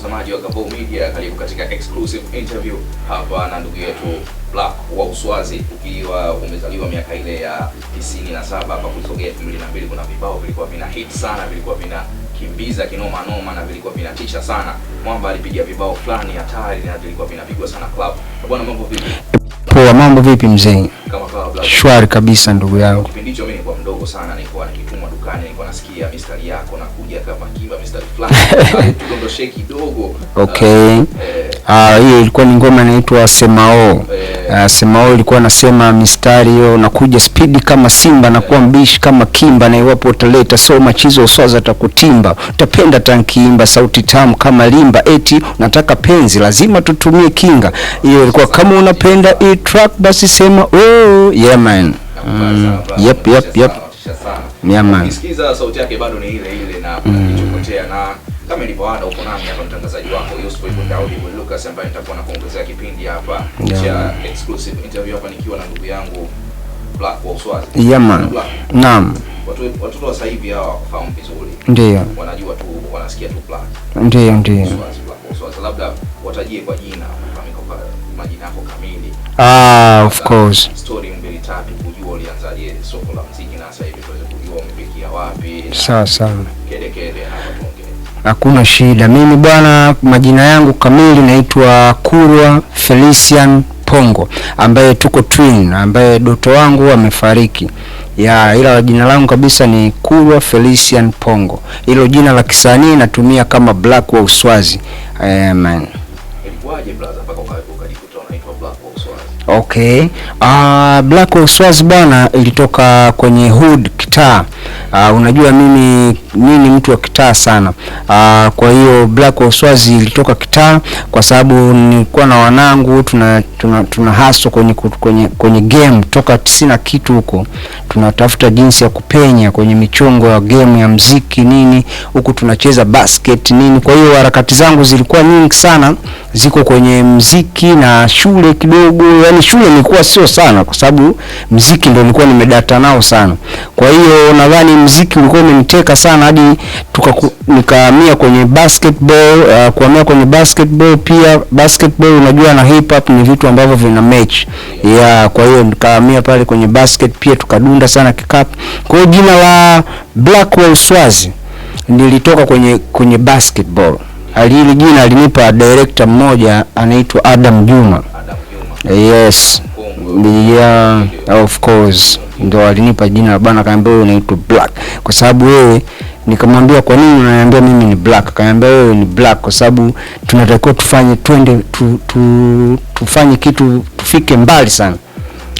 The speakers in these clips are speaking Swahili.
mtazamaji wa Gabo Media, karibu katika exclusive interview hapa na ndugu yetu Black wa Uswazi. Ukiwa umezaliwa miaka ile ya 97 hapa kusogea 2002, kuna vibao vilikuwa vina hit sana, vilikuwa vina kimbiza kinoma noma na vilikuwa vinatisha sana. Mwamba alipiga vibao fulani hatari na vilikuwa vinapigwa sana club. Bwana, mambo vipi? Poa, mambo vipi mzee? Shwari kabisa ndugu yangu. Kipindi hicho mimi nilikuwa mdogo sana, nilikuwa nikitumwa dukani, nilikuwa nasikia mistari yako na kuja kama kiba mistari fulani, tudondoshe kidogo. Okay. Ah, ah eh. hiyo ilikuwa ni ngoma inaitwa Semao. Uh, Semao ilikuwa nasema mistari hiyo nakuja spidi kama simba nakuwa mbishi kama kimba, na iwapo utaleta so machizo uswaza takutimba, utapenda tankiimba sauti tamu kama limba, eti nataka penzi lazima tutumie kinga. Hiyo ilikuwa kama unapenda i track basi sema oh Yemen. Mm. Yep, yep, yep. Yemen. sauti yake bado ni ile ile na mm. na kama uko nami hapa mtangazaji wako Yusuf Ibn Daudi Ibn Lucas ambaye nitakuwa kipindi hapa cha exclusive interview hapa nikiwa na ndugu yangu Black Yemen. Naam. Watu watu wa sasa hivi hawa wafahamu vizuri. Ndio. Wanajua tu wanasikia tu Black. Ndio, ndio. Uswazi Black Labda watajie kwa jina, kwa majina yako kamili. Ah, of course. Story mbili tatu kujua ulianzaje soko la muziki na sasa hivi tuweze kujua umefikia wapi. Sawa sawa. Kede kede Hakuna shida. Mimi bwana, majina yangu kamili naitwa Kurwa Felician Pongo ambaye tuko twin, ambaye doto wangu amefariki ya, ila jina langu kabisa ni Kurwa Felician Pongo. Hilo jina la kisanii natumia kama Black wa Uswazi. Amen. Ilikuwaje brother? Okay. Uh, Black Swaz bwana ilitoka kwenye hood kitaa. Uh, unajua mimi ni mtu wa kitaa sana. Uh, kwa hiyo Black Swaz ilitoka kitaa kwa sababu nilikuwa na wanangu tuna tuna, tuna haso kwenye, kwenye, kwenye game toka tisini na kitu huko tunatafuta jinsi ya kupenya kwenye michongo ya game ya mziki nini, huku tunacheza basket nini. Kwa hiyo harakati zangu zilikuwa nyingi sana, ziko kwenye mziki na shule kidogo. Yani shule nilikuwa sio sana, kwa sababu mziki ndio nilikuwa nimedata nao sana. Kwa hiyo nadhani mziki ulikuwa umeniteka sana hadi nikahamia kwenye basketball. Uh, kuhamia kwenye basketball pia, basketball unajua na hip hop ni vitu ambavyo vina match ya yeah. Kwa hiyo nikahamia pale kwenye basket pia tukadunda muda sana kikapu. Kwa hiyo jina la Blackwell Swazi nilitoka kwenye kwenye basketball. Alili jina alinipa director mmoja anaitwa Adam Juma. Yes. Yeah, of course ndo alinipa jina bana, kaambia wewe unaitwa Black kwa sababu wewe, nikamwambia kwa nini unaniambia mimi ni Black? Kaambia wewe ni Black kwa sababu tunatakiwa tufanye twende tu, tu, tufanye kitu tufike mbali sana.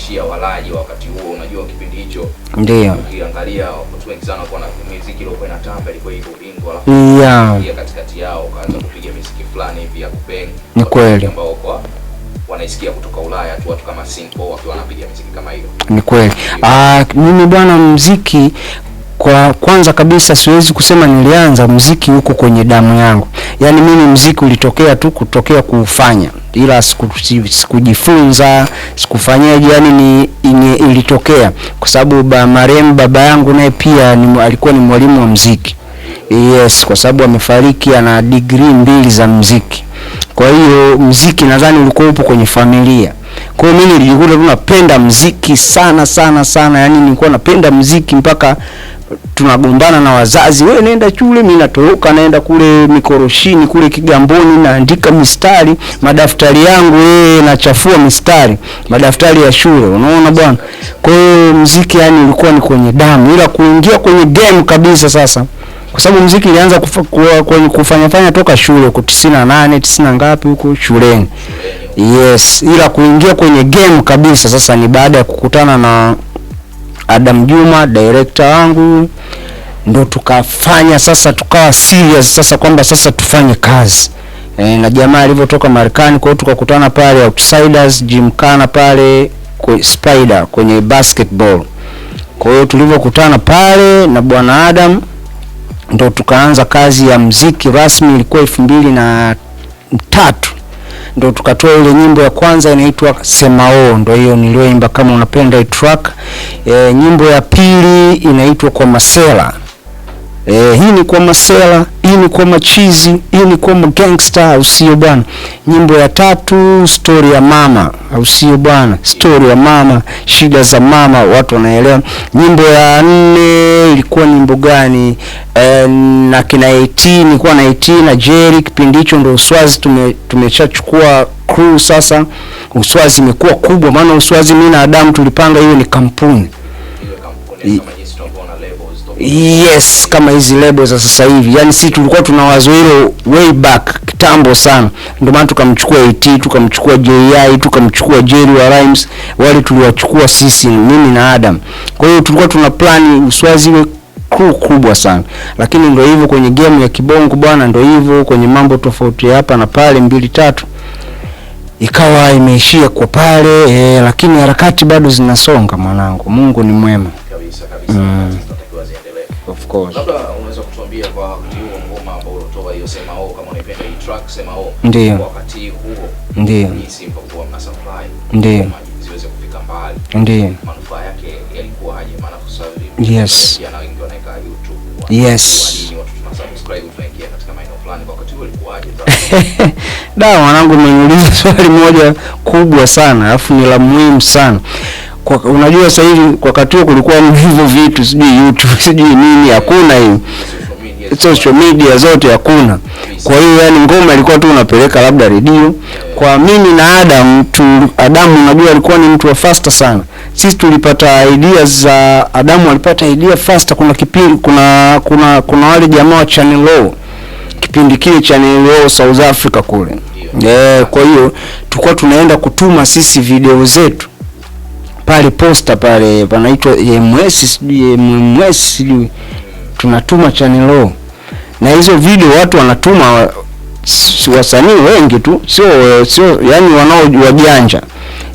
kuwahakikishia walaji wakati huo. Unajua kipindi hicho ndio ukiangalia watu wengi sana kwa na muziki ile tamba ilikuwa hiyo bingo, alafu yeah. katikati yao kaanza kupiga muziki fulani hivi ya kupeni, ni kweli ambao kwa wanaisikia kutoka Ulaya tu watu kama Simple wakiwa wanapiga muziki kama hiyo, ni kweli. Ah, mimi bwana muziki kwa kwanza kabisa siwezi kusema nilianza muziki huko kwenye damu yangu, yaani mimi muziki ulitokea tu kutokea kuufanya ila sikujifunza sikufanyaje, yani ni inye ilitokea kwa sababu ba marehemu baba yangu naye pia ni, alikuwa ni mwalimu wa mziki yes, kwa sababu amefariki ana degree mbili za mziki. Kwa hiyo mziki nadhani ulikuwa upo kwenye familia. Kwa hiyo mimi nilikuwa napenda mziki sana sana sana, yani nilikuwa napenda mziki mpaka tunagombana na wazazi, wewe nenda shule, mimi natoroka, naenda kule mikoroshini kule Kigamboni, naandika mistari madaftari yangu, yeye nachafua mistari madaftari ya shule. Unaona bwana, kwa hiyo muziki yani ulikuwa ni kwenye damu, ila kuingia kwenye game kabisa sasa, kwa sababu mziki ilianza kufa, kufanya, kufanya fanya toka shule huko tisini na nane tisini na ngapi huko shuleni, yes, ila kuingia kwenye game kabisa sasa ni baada ya kukutana na Adam Juma director wangu ndo tukafanya sasa, tukawa serious sasa kwamba sasa tufanye kazi e, na jamaa alivyotoka Marekani. Kwa hiyo tukakutana pale Outsiders Gymkhana pale kwe, Spider kwenye basketball. Kwa hiyo tulivyokutana pale na bwana Adam ndo tukaanza kazi ya mziki rasmi, ilikuwa elfu mbili na tatu ndo tukatoa ile nyimbo ya kwanza inaitwa Semao, ndo hiyo niliyoimba kama unapenda track. E, nyimbo ya pili inaitwa kwa Masela. E, hii ni kwa masela, hii ni kwa machizi, hii ni kwa magangster, au sio bwana? Nyimbo ya tatu, stori ya mama, au sio bwana? Story ya mama, shida za mama, watu wanaelewa. Nyimbo ya nne ilikuwa nyimbo gani? E, na kina AT nilikuwa na AT na Jerry kipindi hicho, ndio Uswazi tume tumeshachukua crew sasa. Uswazi imekuwa kubwa, maana Uswazi mimi na Adam tulipanga hiyo ni kampuni, kampuni I, yes, kama hizi lebo za sasa hivi. Yani si tulikuwa tuna wazo hilo way back kitambo sana, ndio maana tukamchukua AT, tukamchukua JI, tukamchukua Jerry wa Rhymes, wale tuliwachukua sisi, mimi na Adam. Kwa hiyo tulikuwa tuna plani uswaziwe kuu kubwa sana, lakini ndio hivyo kwenye game ya kibongo bwana, ndio hivyo kwenye mambo tofauti hapa na pale mbili tatu ikawa imeishia kwa pale eh, lakini harakati bado zinasonga mwanangu. Mungu ni mwema kabisa, kabisa. Mm. Of course. Labda unaweza kutuambia kwa wakati huo ngoma ambayo ulitoa hiyo sema oh, kama unaipenda hii track sema oh. Ndio. wakati huo. Ndio. Hii Simba kwa mna supply. Ndio. Ziweze kufika mbali. Ndio. Manufaa yake yalikuwa aje maana kwa sababu yes. Yana wengi wanaweka YouTube. Yes. Walini watu tuna subscribe tunaingia katika maeneo fulani kwa wakati huo ilikuwa Da, mwanangu, umeniuliza swali moja kubwa sana, alafu ni la muhimu sana kwa, unajua sasa hivi kwa wakati huo kulikuwa hivyo vitu, sijui YouTube sijui nini, hakuna hiyo social media zote hakuna. Kwa hiyo yani ngoma ilikuwa tu unapeleka labda redio. Kwa mimi na Adam tu, Adam unajua alikuwa ni mtu wa faster sana. Sisi tulipata ideas za uh, Adam alipata idea faster. Kuna kipindi kuna kuna kuna wale jamaa wa Channel O kipindi kile Channel O South Africa kule. Eh, yeah, kwa hiyo tulikuwa tunaenda kutuma sisi video zetu pale posta pale panaitwa MS sijui MS sijui tunatuma channel O na hizo video watu wanatuma wasanii wengi tu, sio sio yani wanao wajanja,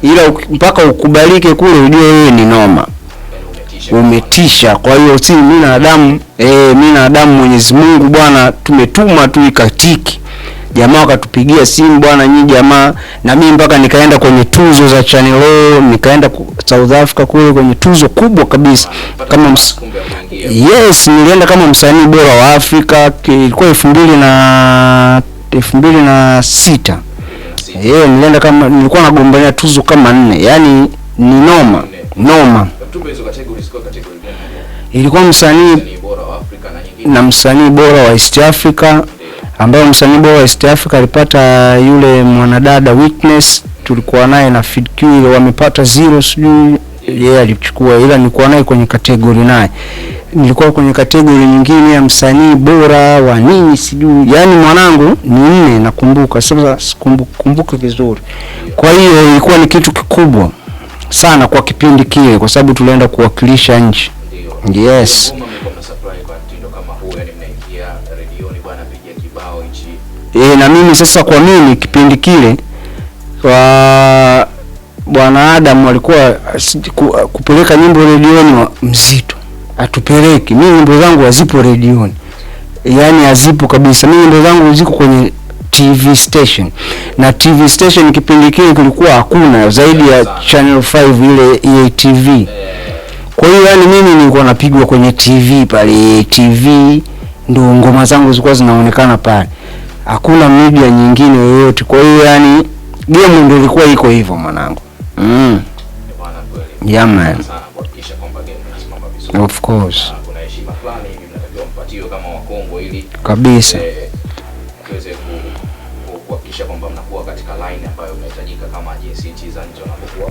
ila mpaka ukubalike kule ujue wewe ni noma, umetisha. Kwa hiyo si mimi na Adamu eh, mimi na Adamu, Mwenyezi Mungu bwana, tumetuma tu ikatiki jamaa wakatupigia simu, bwana nyinyi jamaa, na mimi mpaka nikaenda kwenye tuzo za Channel O, nikaenda South Africa kule kwenye tuzo kubwa kabisa kama ms yes, nilienda kama msanii bora wa Afrika, ilikuwa elfu mbili na elfu mbili na sita nilienda kama nilikuwa nagombania tuzo kama nne, yani ni noma noma. Ilikuwa msanii na msanii bora wa East Africa ambayo msanii bora wa East Africa alipata yule mwanadada Witness, tulikuwa naye na Q ile wamepata zero, sijui yeye yeah, alichukua, ila nilikuwa naye kwenye kategori naye nilikuwa kwenye kategori nyingine ya msanii bora wa nini sijui, yani mwanangu ni nne, nakumbuka sasa, sikumbuke vizuri. Kwa hiyo ilikuwa ni kitu kikubwa sana kwa kipindi kile, kwa sababu tulienda kuwakilisha nchi. Yes. e, na mimi sasa, kwa mimi kipindi kile wa bwana Adam walikuwa kupeleka nyimbo redioni mzito, atupeleki mimi, nyimbo zangu hazipo redioni, yani hazipo kabisa. Mimi nyimbo zangu ziko kwenye TV station na TV station kipindi kile kilikuwa hakuna zaidi ya Channel 5 ile EATV. Kwa hiyo yani mimi nilikuwa napigwa kwenye TV pale, e TV ndio ngoma zangu zilikuwa zinaonekana pale hakuna media nyingine yoyote. Kwa hiyo yani game ndio ilikuwa iko hivyo mwanangu. Mm. Yeah, man. Of course. Kabisa. Eh,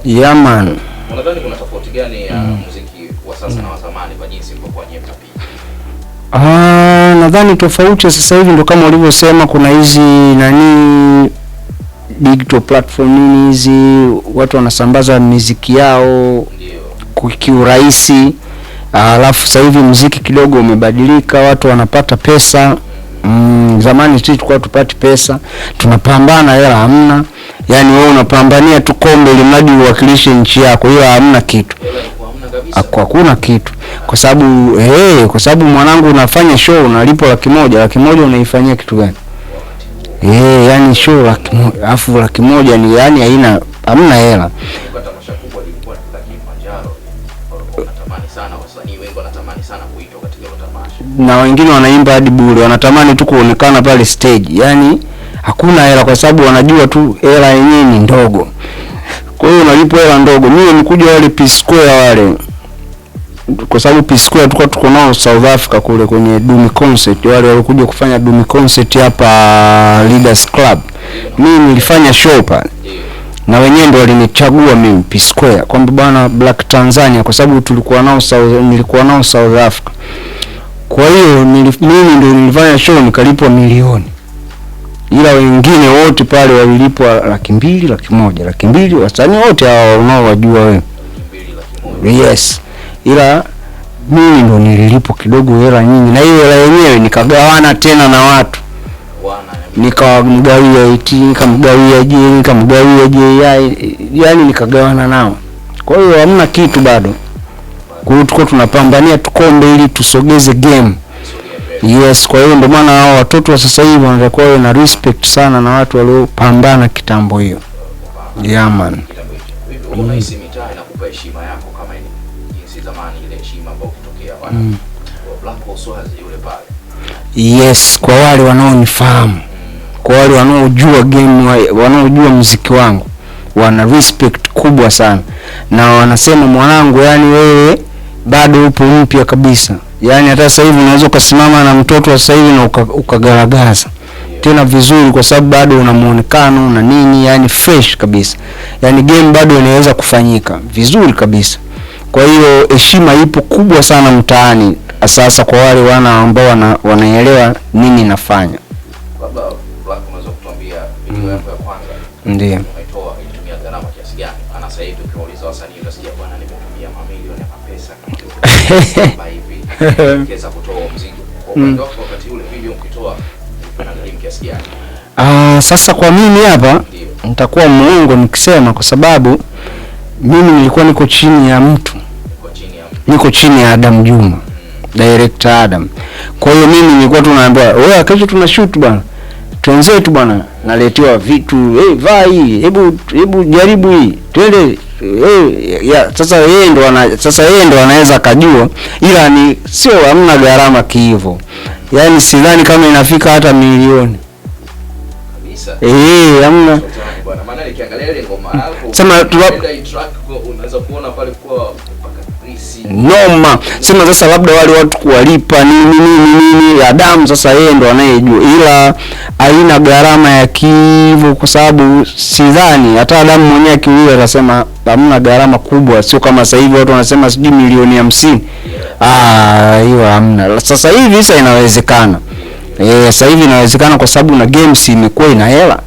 yeah, man. Mm. Ah, nadhani tofauti sasa hivi ndo kama ulivyosema, kuna hizi nani digital platform nini hizi, watu wanasambaza miziki yao kiurahisi. Alafu sasa hivi mziki kidogo umebadilika, watu wanapata pesa mm, zamani sisi tulikuwa tupati pesa, tunapambana hela hamna, yani wewe unapambania tu kombe ili mradi uwakilishe nchi yako, hiyo hamna kitu. Ah, hakuna kitu, kwa sababu hey, eh, kwa sababu mwanangu, unafanya show unalipo laki moja, laki moja unaifanyia kitu gani? Hey, eh, yani show laki moja afu laki moja ni yani haina hamna hela na wengine wanaimba hadi bure, wanatamani tu kuonekana pale stage, yani hakuna hela, kwa sababu wanajua tu hela yenyewe ni ndogo. Kwa hiyo unalipwa hela ndogo. Mimi nikuja wale P Square wale, kwa sababu P Square tulikuwa tuko nao South Africa kule kwenye Dumi concert, wale walikuja kufanya Dumi concert hapa uh, Leaders Club. Mimi nilifanya show pale na wenyewe ndio walinichagua mimi P Square kwamba bwana Black Tanzania, kwa sababu tulikuwa nao South, nilikuwa nao South Africa. Kwa hiyo mimi ndio nilifanya show nikalipwa milioni ila wengine wote pale walilipwa laki mbili laki moja laki mbili wasanii wote hao unaowajua wewe yes, ila mimi ndo nililipwa kidogo hela nyingi, na hiyo hela yenyewe nikagawana tena na watu, nikamgawia IT nikamgawia J nikamgawia JI, yani nikagawana nao. Kwa hiyo hamna kitu bado, kwa hiyo tuko tunapambania tukombe ili tusogeze game Yes, kwa hiyo ndio maana hao watoto wa sasa hivi wanatakiwa wawe na respect sana na watu waliopambana kitambo hiyo. Yeah man. Mm. Yes, kwa wale wanaonifahamu, kwa wale wanaojua game, wanaojua muziki wangu wana respect kubwa sana na wanasema mwanangu, yani wewe bado upo mpya kabisa yani hata sasa hivi unaweza ukasimama na mtoto wa sasa hivi na ukagaragaza uka tena vizuri, kwa sababu bado una muonekano na nini, yani fresh kabisa, yani game bado inaweza kufanyika vizuri kabisa. Kwa hiyo heshima ipo kubwa sana mtaani sasa kwa wale wana ambao wana, wanaelewa nini nafanya. Mm. kiasi kutoa mzigo wakati ule video ukitoa kiasi gani? Ah, sasa kwa mimi hapa nitakuwa mwongo nikisema, kwa sababu mimi nilikuwa niko chini ya mtu, niko chini ya Adam Juma, hmm. director Adam. Kwa hiyo mimi nilikuwa tu naambiwa, wewe kesho tuna shoot bwana, twenzetu bwana, naletewa vitu, hey, eh, hii, hebu hebu jaribu hii, twende sasa yeye ndo ana sasa yeye ndo anaweza kajua, ila ni sio, hamna gharama kiivo, yaani sidhani kama inafika hata milioni kabisa. Eh, hamna sema noma. Sema sasa labda wale watu kuwalipa nini nini nini, Adamu sasa yeye ndo anayejua, ila haina gharama ya kivu, kwa sababu sidhani hata Adamu mwenyewe akiuliza atasema hamna gharama kubwa, sio kama sasa hivi watu wanasema sijui milioni hamsini. Ah, hiyo hamna. Sasa hivi sasa inawezekana eh, sasa hivi inawezekana kwa sababu na games imekuwa ina hela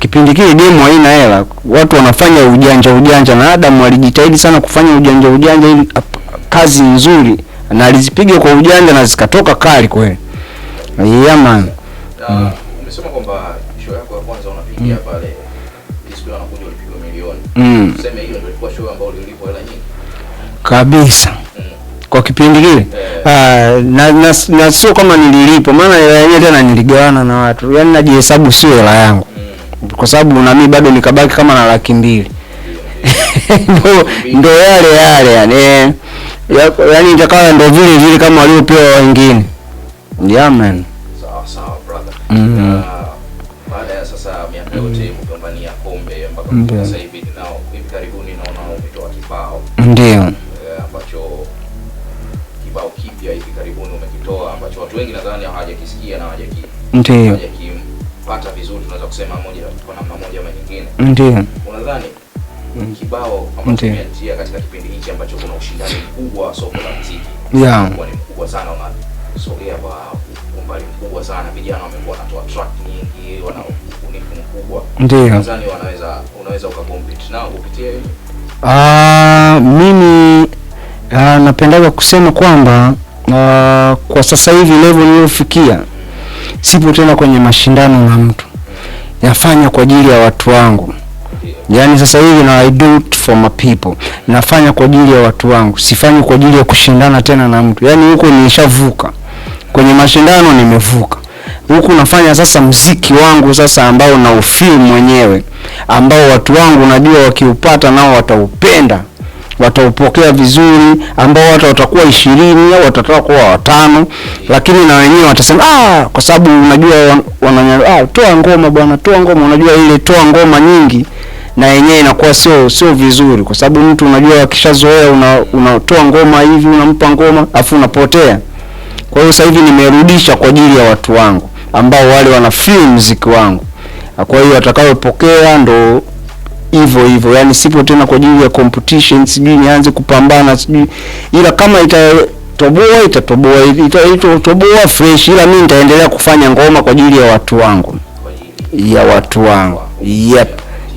kipindi kile demo haina hela, watu wanafanya ujanja ujanja, na Adamu alijitahidi sana kufanya ujanja ujanja ili kazi nzuri na alizipiga kwa ujanja na zikatoka kali kweli. Yeah man. Mm. Umesema kwamba show yako ya kwanza unapigia mm. pale siku anakuja ulipigwa milioni. Mm. Useme hiyo ndio ilikuwa show ambayo ulilipwa hela nyingi. Kabisa. Mm. Kwa kipindi kile. Yeah. Eh. Uh, na, na, na sio kama nililipo maana hela yenyewe tena niligawana na watu. Yaani najihesabu sio hela yangu. Mm. Kwa sababu na mimi bado nikabaki kama na laki mbili ndo yale yale yani, eh. yani itakawa ndo vile vile kama waliopewa wengine. Yeah man, sawa sawa brother. Mm. Baada ya sasa miaka yote mm-hmm. kombe mpaka sasa hivi hivi karibuni naona umetoa kibao, ndio eh, ambacho kibao kipya hivi karibuni umekitoa ambacho watu wengi nadhani hawajakisikia na hawajaki ndio hawajakipata vizuri, tunaweza kusema moja kwa namna moja ama nyingine. Ndio unadhani mm. kibao ambacho kimeanzia katika kipindi hichi ambacho kuna ushindani mkubwa wa soko la muziki. Yeah. Kwa ni mkubwa sana na sogea kwa umbali mkubwa sana, vijana wamekuwa wanatoa track nyingi, wana ubunifu mkubwa. Ndio. Nadhani wanaweza unaweza ukacompete nao kupitia hiyo. Ah, mimi Uh, ah, napendaga kusema kwamba uh, kwa sasa hivi level niliyofikia sipo tena kwenye mashindano na mtu. yafanya kwa ajili ya watu wangu. Yaani sasa hivi na I do it for my people. Nafanya kwa ajili ya watu wangu. Sifanyi kwa ajili ya kushindana tena na mtu. Yaani huko nilishavuka. Kwenye mashindano nimevuka. Huku nafanya sasa mziki wangu sasa ambao na ufeel mwenyewe ambao watu wangu najua wakiupata nao wataupenda. Wataupokea vizuri ambao watu watakuwa ishirini au watataka kuwa watano, lakini na wenyewe watasema ah, kwa sababu unajua wananyanyua ah, toa ngoma bwana, toa ngoma, unajua ile toa ngoma nyingi na yenyewe inakuwa sio sio vizuri, kwa sababu mtu unajua akishazoea unatoa una, ngoma hivi unampa ngoma afu unapotea. Kwa hiyo sasa hivi nimerudisha kwa ajili ya watu wangu ambao wale wana feel muziki wangu, kwa hiyo atakayopokea ndo hivyo hivyo, yani sipo tena kwa ajili ya competition, sijui nianze kupambana sijui, ila kama itatoboa itatoboa itatoboa fresh, ila mimi nitaendelea kufanya ngoma kwa ajili ya watu wangu ya watu wangu yep.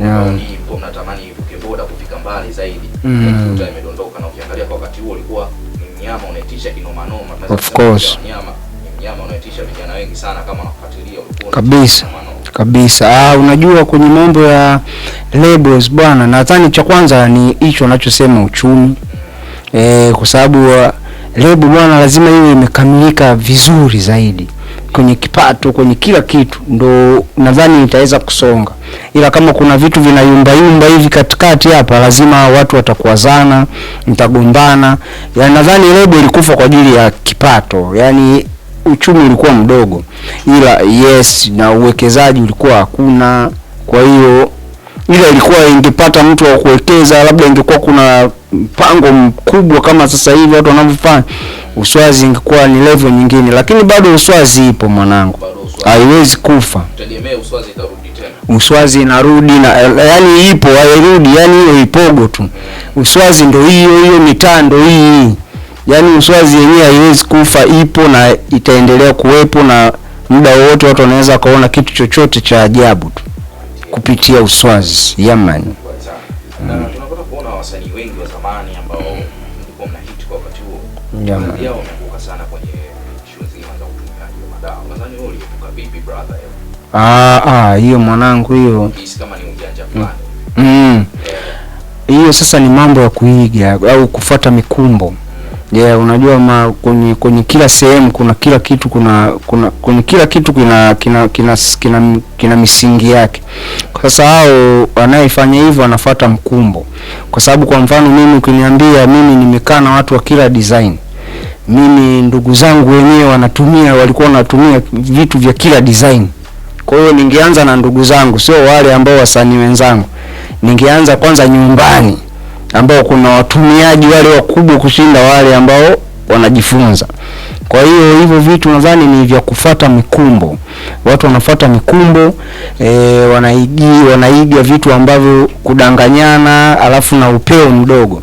mnatamani ivuke boda kufika mbali zaidi. Mm. imedondoka na ukiangalia kwa wakati huo ulikuwa mnyama unaitisha Of course. Mnyama unaitisha vijana wengi sana kama nakufuatilia Kabisa. Kabisa. Ah, unajua kwenye mambo ya labels bwana, nadhani cha kwanza ni hicho anachosema uchumi. Eh, kwa sababu ah, lebo bwana lazima iwe imekamilika vizuri zaidi kwenye kipato, kwenye kila kitu, ndo nadhani itaweza kusonga, ila kama kuna vitu vinayumbayumba hivi katikati hapa, lazima watu watakuwazana, mtagombana. Ya nadhani lebo ilikufa kwa ajili ya kipato, yani uchumi ulikuwa mdogo, ila yes, na uwekezaji ulikuwa hakuna. Kwa hiyo ila ilikuwa ingepata mtu wa kuwekeza, labda ingekuwa kuna mpango mkubwa kama sasa hivi watu wanavyofanya Uswazi ingekuwa ni level nyingine, lakini bado Uswazi ipo mwanangu, haiwezi kufa. Uswazi inarudi na yani ipo, hairudi yani hiyo ipogo tu. Uswazi ndo hiyo hiyo, mitaa ndo hii. yani Uswazi yenyewe haiwezi kufa, ipo na itaendelea kuwepo, na muda wowote watu wanaweza kaona kitu chochote cha ajabu tu kupitia Uswazi. Yaman. Hmm. nyama ah, ah, hiyo mwanangu, hiyo mm. Mm. Eh. hiyo sasa ni mambo ya kuiga au kufuata mikumbo yeah. Mm. Unajua ma, kwenye, kwenye kila sehemu kuna kila kitu kuna, kuna kwenye kila kitu kina kina, kina, kina, kina misingi yake. Sasa hao anayefanya hivyo anafuata mkumbo, kwa sababu kwa mfano mimi ukiniambia mimi nimekaa na watu wa kila design mimi ndugu zangu wenyewe wanatumia, walikuwa wanatumia vitu vya kila design. Kwa hiyo ningeanza na ndugu zangu, sio wale ambao wasanii wenzangu. Ningeanza kwanza nyumbani, ambao kuna watumiaji wale wakubwa kushinda wale ambao wanajifunza. Kwa hiyo hivyo vitu nadhani ni vya kufata mikumbo, watu wanafata mikumbo e, wanaigi, wanaiga vitu ambavyo kudanganyana, alafu na upeo mdogo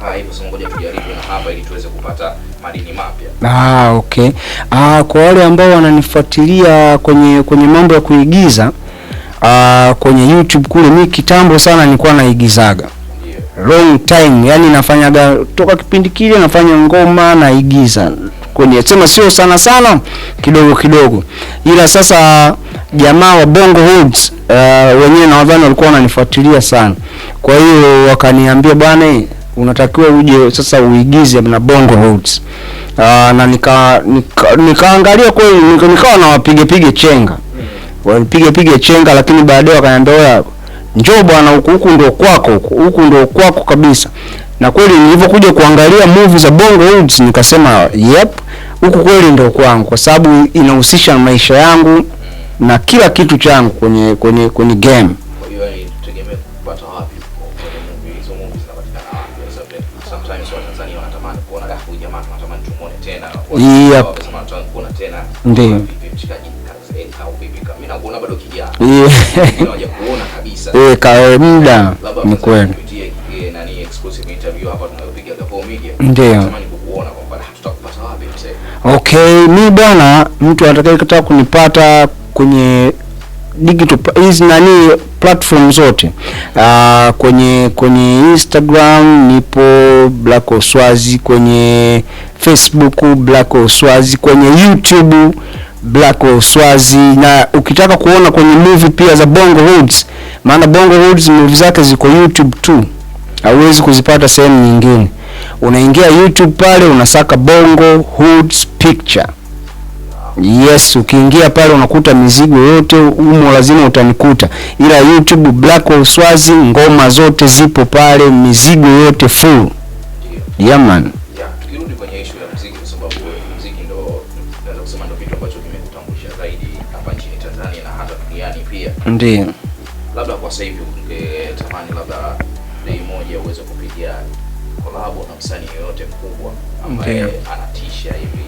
kukaa hivyo, sasa ngoja tujaribu na hapa ili tuweze kupata madini mapya. Ah, okay. Ah, kwa wale ambao wananifuatilia kwenye kwenye mambo ya kuigiza ah, kwenye YouTube kule, mi kitambo sana nilikuwa naigizaga long time yani, nafanyaga toka kipindi kile nafanya ngoma naigiza kwenye sema, sio sana sana, kidogo kidogo, ila sasa jamaa wa Bongo Hoods uh, wenyewe nadhani walikuwa wananifuatilia sana, kwa hiyo wakaniambia bwana unatakiwa uje sasa uigize na Bongo Roots. Uh, ah, na nika nikaangalia nika kweli nikawa na wapige pige chenga walipige pige chenga, lakini baadaye wakaniambia njoo bwana, huku huku ndio kwako, huku ndio kwako kabisa. Na kweli nilivyokuja kuangalia movie za Bongo Roots nikasema yep, huku kweli ndio kwangu, kwa sababu inahusisha maisha yangu na kila kitu changu kwenye kwenye kwenye game. yep. Ndio. Eh, kawe muda ni kweli. Ndio. Okay, mi bwana, mtu atakayekata kunipata kwenye digital hizi nani platform zote uh, kwenye kwenye Instagram nipo Black Oswazi, kwenye Facebook Black Oswazi, kwenye YouTube Black Oswazi, na ukitaka kuona kwenye movie pia za Bongo Hoods, maana Bongo Hoods movie zake ziko YouTube tu, hauwezi kuzipata sehemu nyingine. Unaingia YouTube pale unasaka Bongo Hoods picture Yes, ukiingia pale unakuta mizigo yote umo, lazima utanikuta, ila YouTube Black Hole Swazi ngoma zote zipo pale, mizigo yote full Yeah. Yeah, man. Ndiyo. Labda kwa sasa hivi ungetamani labda day moja uweze kupigia collab na msanii yoyote mkubwa ambaye anatisha hivi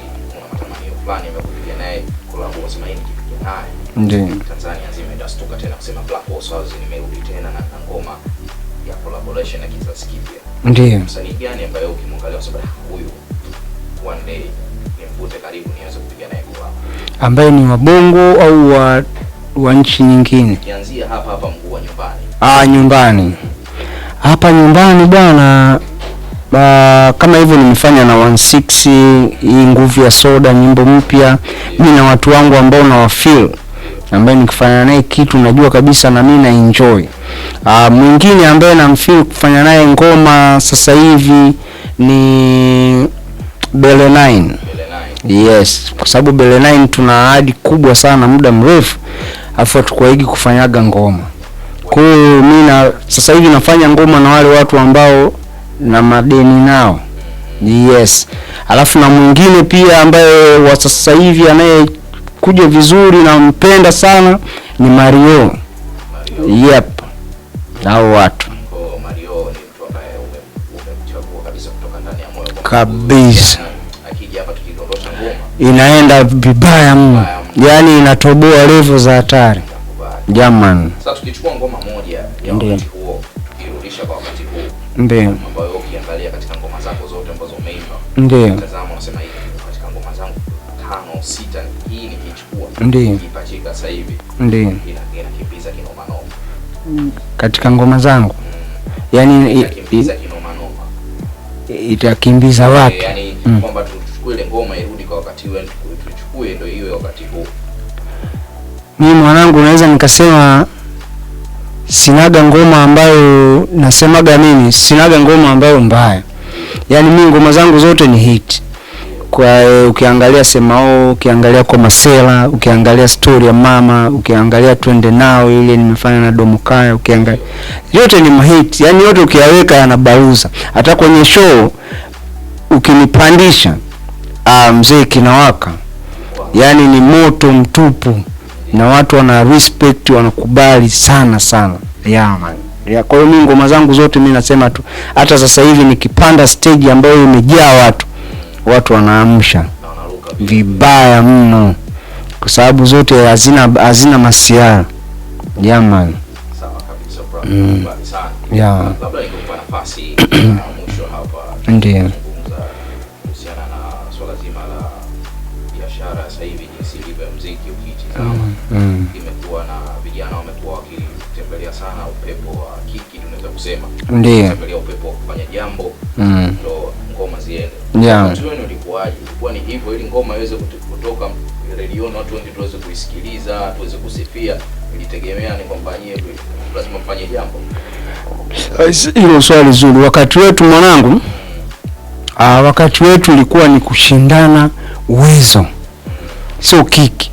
fulani imekupiga naye collab zima hii nikipiga naye ndio Tanzania nzima itastuka tena kusema Black Horse House nimerudi tena na ngoma ya collaboration na kizazi kipya. Ndio msanii gani ambaye ukimwangalia usema ah, huyu one day nimvute karibu niweze kupiga naye kula. ambaye ni wabongo au wa wa nchi nyingine? Kianzia hapa hapa mkuu wa nyumbani. Ah, nyumbani hapa nyumbani bwana ba, kama hivyo nimefanya na 16 hii nguvu ya soda, nyimbo mpya. Mimi na watu wangu ambao na wafeel ambaye nikifanya naye kitu najua kabisa na mimi na enjoy. Uh, mwingine ambaye namfeel kufanya naye ngoma sasa hivi ni Bele 9. Yes, kwa sababu Bele 9 tuna ahadi kubwa sana muda mrefu, afu hatukuwaigi kufanyaga ngoma. Kwa hiyo mimi na sasa hivi nafanya ngoma na wale watu ambao na madeni nao yes. Alafu na mwingine pia ambaye wa sasa hivi anayekuja vizuri nampenda sana ni Mario, Mario. Yep. Hao watu kabisa inaenda vibaya mno, yaani inatoboa levo za hatari jamani. Sasa tukichukua ngoma moja ya ndio, ambayo ukiangalia katika ngoma zako zote ambazo umeimba, ndio, tazama unasema katika ngoma zangu tano sita, hii nikichukua ndio sasa hivi, ndio kinoma noma katika ngoma zangu, mm. yani kinoma noma, itakimbiza eh, wapi? Yani mm. kwamba tuchukue ile ngoma irudi kwa wakati wewe, tuchukue ndio iwe wakati huu. Mimi mwanangu, naweza nikasema sinaga ngoma ambayo nasemaga mimi, sinaga ngoma ambayo mbaya. yani mimi ngoma zangu zote ni hit. Kwa eh, ukiangalia Semao, ukiangalia Komasela, ukiangalia Stori ya Mama, ukiangalia Twende Nao ile nimefanya na Domokaya, ukiangalia yote ni mahit. yani yote ukiyaweka yanabaruza. Hata kwenye show ukinipandisha ah, mzee kinawaka. yani ni moto mtupu na watu wana respect, wanakubali sana sana yeah, man. Yeah, kwa hiyo mimi ngoma zangu zote mimi nasema tu hata sasa hivi nikipanda stage ambayo imejaa watu watu wanaamsha vibaya mno kwa sababu zote hazina hazina masiara jamani. Mm. Yeah, ndio biashara sasa hivi jinsi ilivyo ya muziki ukiitizama, mm. mm, imekuwa na vijana wamekuwa wakitembelea sana upepo wa kiki, tunaweza kusema ndio tembelea upepo wa kufanya jambo mm. ngoma ziende. Yeah. Tuone ulikuwaje, ilikuwa ni hivyo, ili ngoma iweze kutoka redioni, watu wengi tuweze kuisikiliza, tuweze kusifia, ilitegemea ni kwamba nyie lazima mfanye jambo hilo. Swali zuri. Wakati wetu mwanangu, uh, wakati wetu ulikuwa ni kushindana uwezo mm sio kiki,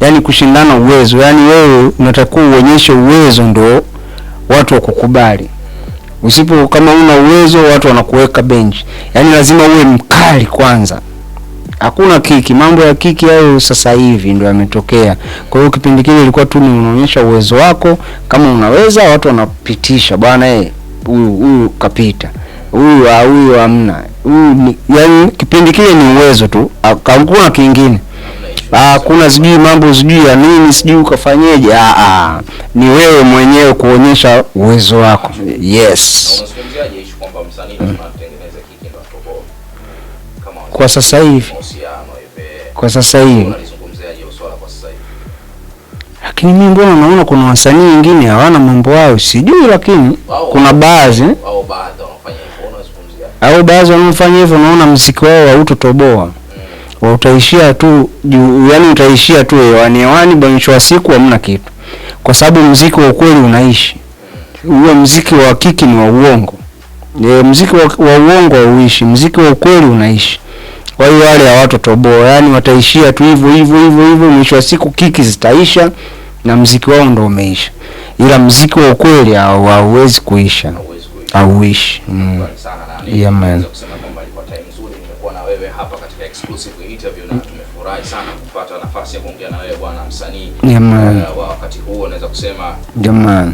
yani kushindana uwezo, yani wewe unatakiwa uonyeshe uwezo ndo watu wakukubali. Usipo kama una uwezo watu wanakuweka benchi, Yani lazima uwe mkali kwanza. Hakuna kiki, mambo ya kiki hayo sasa hivi ndio yametokea. Kwa hiyo kipindi kile ilikuwa tu ni unaonyesha uwezo wako, kama unaweza watu wanapitisha, bwana eh, huyu huyu kapita, huyu ah, huyu hamna, huyu. yani, kipindi kile ni uwezo tu, hakuna kingine ah, kuna sijui mambo sijui ya nini sijui ukafanyeje. Ah, ah, ni wewe mwenyewe kuonyesha uwezo wako. Yes, mm. kwa sasa hivi, kwa sasa hivi lakini mimi mbona naona kuna wasanii wengine hawana mambo hayo, sijui, lakini kuna baadhi au baadhi wanaofanya hivyo, unaona mziki wao hautotoboa wa utaishia tu juu, yani utaishia tu hewani hewani, bwana. Mwisho wa siku hamna kitu, kwa sababu mziki wa ukweli unaishi. Huo mziki wa kiki ni wa uongo. E, mziki wa, wa uongo hauishi, mziki wa ukweli unaishi. Kwa hiyo wale hawatotoboa, yani wataishia tu hivyo hivyo hivyo hivyo. Mwisho wa siku kiki zitaisha na mziki wao ndo umeisha, ila mziki wa ukweli hauwezi kuisha, hauishi. mm. yeah, man exclusive interview na tumefurahi sana kupata nafasi ya kuongea na wewe bwana msanii jamani, eh, wa wakati huo, naweza kusema jamaa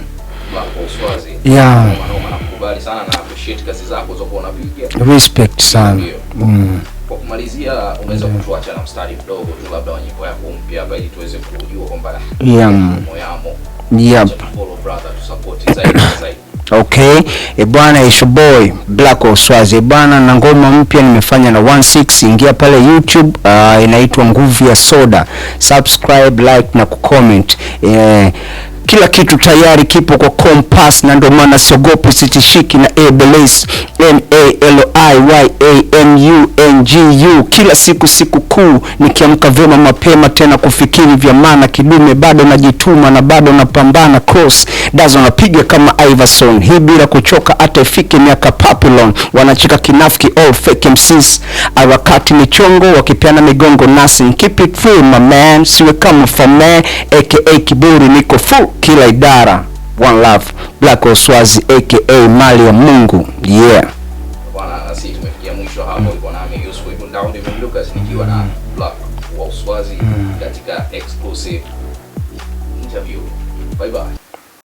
yeah. Nakubali sana na appreciate kazi zako ulizokuwa unapiga, respect sana mm. Kwa kumalizia, umeweza yeah. kutuacha na mstari mdogo tu labda wa nyimbo yako mpya hapa, ili tuweze kujua kwamba yeah. moyamo yep. Follow brother, tu support zaidi zaidi Okay, e bwana Boy Black Oswazi, e bwana, na ngoma mpya nimefanya na 16 ingia pale YouTube, uh, inaitwa Nguvu ya Soda. Subscribe, like na kucomment eh, kila kitu tayari kipo kwa Compass, na ndio maana siogopi, sitishiki na Ablaze, M a l iyangu kila siku siku kuu, nikiamka vyema mapema tena kufikiri vya maana kidume, bado najituma na bado napambana. Cross dazo napiga kama Iverson, hii bila kuchoka, hata ifike miaka papillon. Wanacheka kinafiki all fake MCs, harakati ni chongo, wakipeana migongo nasi keep it free my man, siwe kama fame aka kiburi, niko full kila idara. One love Black Oswazi aka mali ya Mungu yeah bwana asi tumefikia mwisho hapo. Mm. Ipo nami Yusuf Ibn Daud Ibn Lucas nikiwa na mm. Black wa Uswazi mm. katika exclusive interview. Bye bye.